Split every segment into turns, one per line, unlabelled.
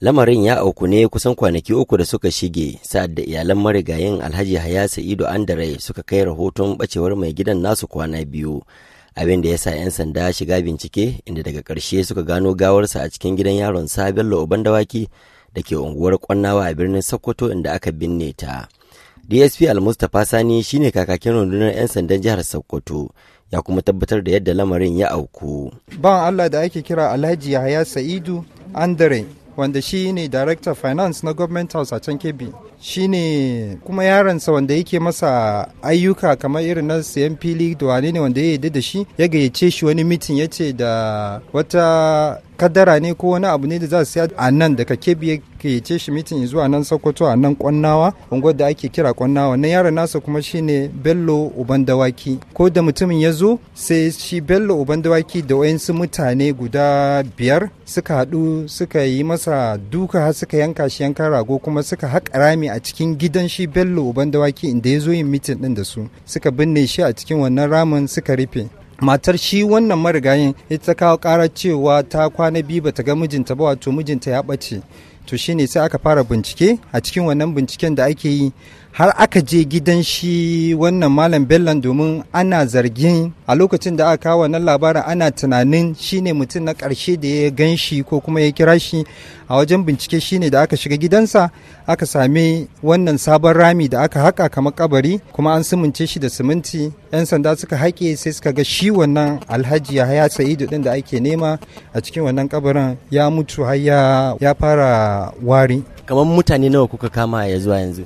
Lamarin ya auku ne kusan kwanaki uku da suka shige sa'ad da iyalan marigayin Alhaji Haya Sa'idu Andare suka kai rahoton bacewar mai gidan nasu kwana biyu. Abin da ya sa 'yan sanda shiga bincike inda daga ƙarshe suka gano gawarsa a cikin gidan yaron sabon Bello Obandawaki da ke unguwar Kwannawa a birnin Sokoto inda aka binne ta. DSP Al-Mustapha Sani shine kakakin rundunar 'yan sandan jihar Sokoto. ya kuma tabbatar da yadda lamarin ya auku.
Ban Allah da ake kira Alhaji Yahaya Sa'idu Andare wanda shi ne director finance na government house a can kebbi shi ne kuma yaransa wanda yake masa ayyuka kamar irin na sayan fili da wane ne wanda ya yi da shi ya gayyace shi wani mitin ya ce da wata kadara ne ko wani abu ne da za su siya a nan daga kebiye ke ce shi mitin zuwa nan sokoto a nan kwannawa unguwar da ake kira kwannawa na yaron nasa kuma shine bello uban dawaki ko da mutumin ya zo sai shi bello uban dawaki da wayansu mutane guda biyar suka haɗu suka yi masa duka har suka yanka shi yanka rago kuma suka haƙa rami a cikin gidan shi bello uban dawaki inda ya zo yin mitin ɗin da su suka binne shi a cikin wannan ramin suka rufe matar shi wannan marigayin ita kawo karar cewa ta kwana biyu bata ga mijinta ba wato mijinta ya ɓace to shine sai aka fara bincike a cikin wannan binciken da ake yi har aka je gidan shi wannan malam bellan domin ana zargin a lokacin da aka kawo wannan labarin ana tunanin shine mutum na ƙarshe da ya gan shi ko kuma ya kira shi a wajen bincike shine da aka shiga gidansa aka sami wannan sabon rami da aka haka kamar kabari kuma an sumunce shi da siminti 'yan sanda suka haƙe sai suka ga shi wannan alhaji ya haya sa'idu din da ake nema a cikin wannan kabarin ya mutu har ya fara wari kamar mutane nawa kuka kama ya zuwa yanzu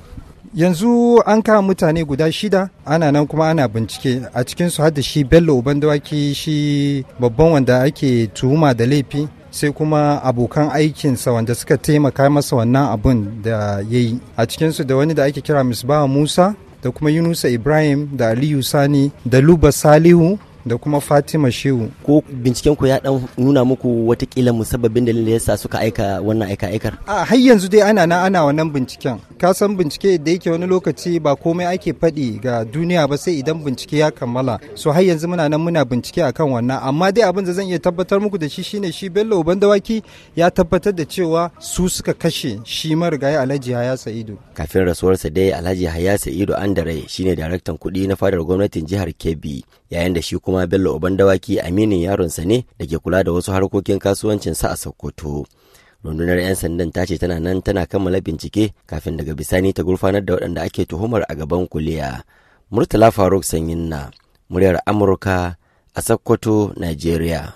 yanzu an kama mutane guda shida ana nan kuma ana bincike a cikinsu har da shi bello ubandawaki shi babban wanda ake tuhuma da laifi sai kuma abokan aikinsa wanda suka taimaka masa wannan abun da ya yi a cikinsu da wani da ake kira misbaha musa da kuma yunusa ibrahim da aliyu sani da luba salihu da kuma Fatima Shehu. Ko binciken ku ya dan nuna muku watakila musabbabin dalilin da yasa suka aika wannan aika aikar? A har yanzu dai ana na ana wannan binciken. Ka san bincike da yake wani lokaci ba komai ake faɗi ga duniya ba sai idan bincike ya kammala. So har yanzu muna nan muna bincike akan wannan amma dai abin da zan iya tabbatar muku da shi shine shi Bello bandawaki ya tabbatar da cewa su suka kashe shi marigayi Alhaji Haya Sa'idu.
Kafin rasuwarsa dai Alhaji Haya Sa'idu Andare shine daraktan kudi na fadar gwamnatin jihar Kebbi yayin da shi kuma bello oban dawaki aminin yaronsa ne da ke kula da wasu harkokin kasuwancin sa a sokoto rundunar 'yan sandan ta ce tana nan tana kammala bincike kafin daga bisani ta gurfanar da waɗanda ake tuhumar a gaban kuliya murtala faruk sanyin na muryar amurka a sokoto nigeria